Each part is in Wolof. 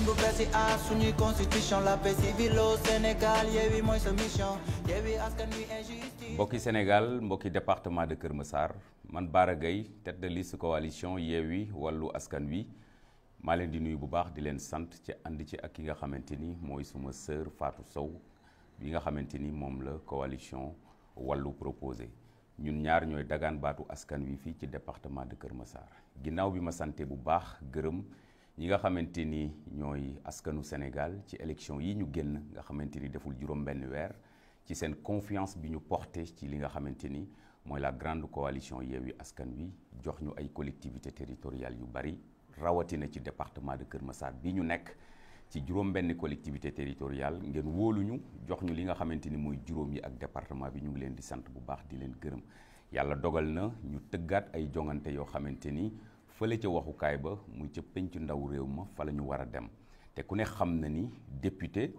Doxine bu bees yi Sénégal mbokki Sénégal mbokki département de Kër Massar man Bara Gaye tête de liste coalition Yewwi wàllu askan wi maa leen di nuyu bu baax di leen sant ci ànd ci ak ki nga xamante ni mooy suma sœur Fatou Sow yi nga xamante ni moom la coalition wàllu proposé ñun ñaar ñooy dagaan baatu askan wi fii ci département de Kër Massar ginnaaw bi ma sante bu baax gërëm ñi nga xamante ni ñooy askanu Sénégal ci élection yi ñu génn nga xamante ni deful juróom-benn weer ci seen confiance bi ñu porté ci li nga xamante ni mooy la grande coalition Yewwi Askan Wi jox ñu ay collectivités territoriales yu bari rawatina ci département de Kër Massar bi ñu nekk ci juróom-benn collectivité territoriale ngeen ñu jox ñu li nga xamante ni mooy juróom yi ak département bi ñu ngi leen di sant bu baax di leen gërëm yàlla dogal na ñu tëggaat ay jongante yoo xamante ni fële ca waxukaay ba muy ca pencu ndaw réew ma fa la ñu war a dem te ku ne xam na ni député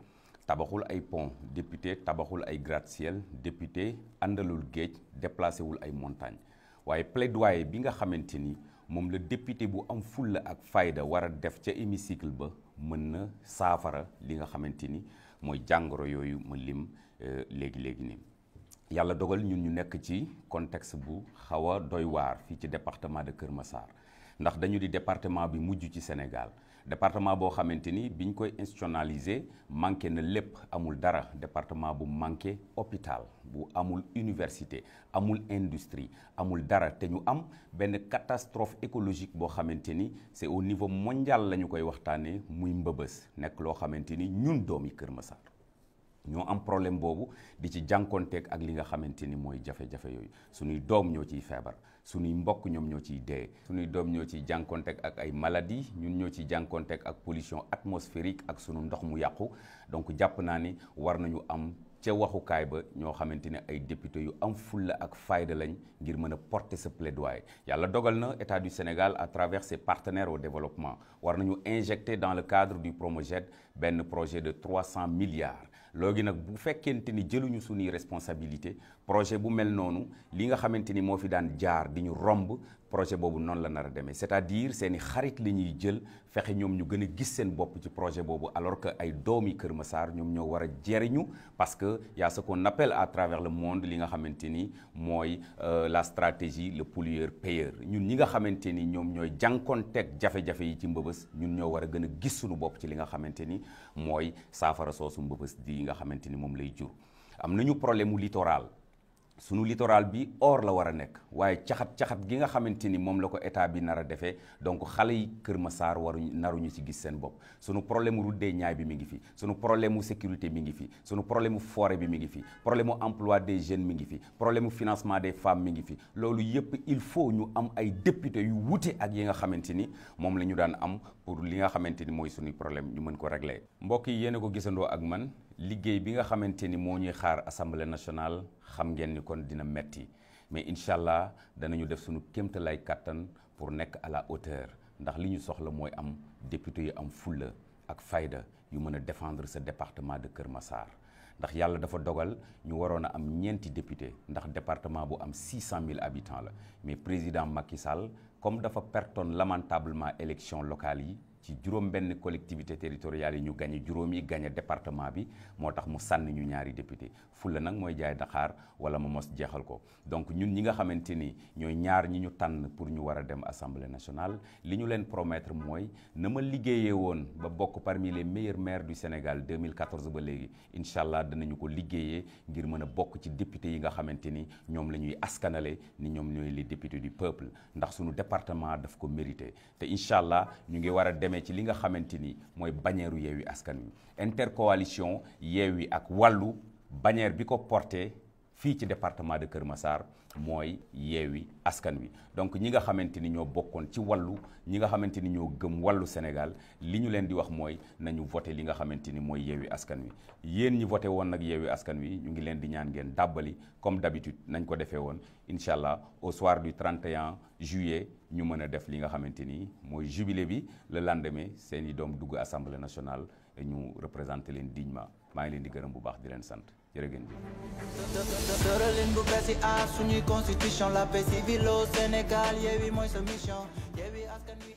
tabaxul ay pont député tabaxul ay gratte-ciel député àndalul géej déplacé wul ay montagne waaye plaidoyer bi nga xamante ni moom la député bu am fulla ak fayda war a def ca hémicycle ba mën na saafara li nga xamante ni mooy jàngoro yooyu ma lim euh, léegi léegi ni yàlla dogal ñun ñu nekk ci contexte bu xaw a doy waar fii ci département de Kër Massar ndax dañu di département bi mujj ci Sénégal département boo xamante ni biñ koy institutionnaliser manqué na lépp amul dara département bu manqué hôpital bu amul université amul industrie amul dara te ñu am benn catastrophe écologique boo xamante ni c'est au niveau mondial la ñu koy waxtaanee muy mbëbës nekk loo xamante ni ñun doomi Kër Massar ñoo am problème boobu di ci jànkoonteeg ak li nga xamante ni mooy jafe-jafe yooyu suñuy doom ñoo ciy feebar suñuy mbokk ñoom ñoo ciy dee suñuy doom ñoo ciy jànkoonteeg ak ay maladie ñun ñoo ciy jànkoonteeg ak pollution atmosphérique ak sunu ndox mu yàqu donc jàpp naa ni war nañu am ca waxukaay ba ñoo xamante ne ay député yu am fulla ak fayda lañ ngir mën a porter ce plaidoyer yàlla dogal na état du Sénégal à travers ses partenaires au développement war nañu injecter dans le cadre du Promoged benn projet de 300 milliards loogi nag bu fekkente ni jëluñu suñuy responsabilité projet bu mel noonu li nga xamante ni moo fi daan jaar di ñu romb projet boobu noonu la nar a demee cest à diir seeni xarit la ñuy jël fexe ñoom ñu gën a gis seen bopp ci projet boobu alors que ay doomi Kër Massar ñoom ñoo war a jëriñu parce que y a ce nappel à travers le monde li nga xamante ni mooy euh, la stratégie la pollueur payeur ñun ñi nga xamante ni ñoom ñooy jànkoonteeg jafe-jafe yi ci mbëbës ñun ñoo war a gën a gis suñu bopp ci li nga xamante ni mooy saafara soosu yi nga xamante ni moom lay jur am nañu problème mu littoral sunu littoral bi or la war a nekk waaye caxat-caxat gi nga xamante ni moom la ko état bi nar defee donc xale yi Kër Massar waruñu naruñu ci gis seen bopp sunu problème mu route ñaay bi mi ngi fi sunu problème mu sécurité mi ngi fi sunu problème mu forêt bi mi ngi fi mu emploi des jeunes mi ngi fi mu financement des femmes mi ngi fi loolu yépp il faut ñu am ay député yu wute ak yi nga xamante ni moom la ñu daan am pour li nga xamante ni mooy sunu problème ñu mën ko régler mbokk yi yéen a ko gisandoo ak man liggéey bi nga xamante ni moo ñuy xaar assemblée nationale xam ngeen ni kon dina metti mais incha allah danañu def suñu kéemtalaay kàttan pour nekk à la hauteur ndax li ñu soxla mooy am député yu am fulla ak fayda yu mën a défendre ce département de Kër Massar ndax yàlla dafa dogal ñu waroon a am ñeenti député ndax département bu am 600 000 habitants la mais président Macky Sall comme dafa perton lamentablement élection locale yi ci juróom benn collectivité territoriale yi ñu gañe juróom yi gañe département bi moo tax mu sànni ñu ñaari député fulla nag mooy jaay daxaar wala mu mos jeexal ko donc ñun ñi nga xamante ni ñooy ñaar ñi ñu tànn pour ñu war a dem assemblée national li ñu leen promettre mooy na ma liggéeyee woon ba bokk parmi les meilleurs maires du Sénégal 2014 ba léegi incha allah danañu ko liggéeyee ngir mën a bokk ci député yi nga xamante ni ñoom la ñuy askanale ni ñoom ñooy les députés du peuple ndax suñu département daf ko mérité demee ci li nga xamante ni mooy bannière Yewwi Askan Wi intercoalition Yewwi ak wàllu bannière bi ko porté fii ci département de Kër Massar mooy yeewi askan wi donc ñi nga xamante ni ñoo bokkoon ci wàllu ñi nga xamante ni ñoo gëm wàllu Sénégal li ñu leen di wax mooy nañu voté li nga xamante ni mooy yeewi askan wi yéen ñi voté woon nag yeewi askan wi ñu ngi leen di ñaan ngeen dàbbali comme d'habitude nañ ko defee woon incha allah au soir du 31 juillet ñu mën a def li nga xamante ni mooy jubilé bi le lendemain seen i doom dugg assemblée nationale ñu représenté leen dignement maa ngi leen di gërëm bu baax di leen sant jërë ngeen jëf tëralin suñuy constitution la paix civile au Sénégal yeewi mooy sa mission askan wi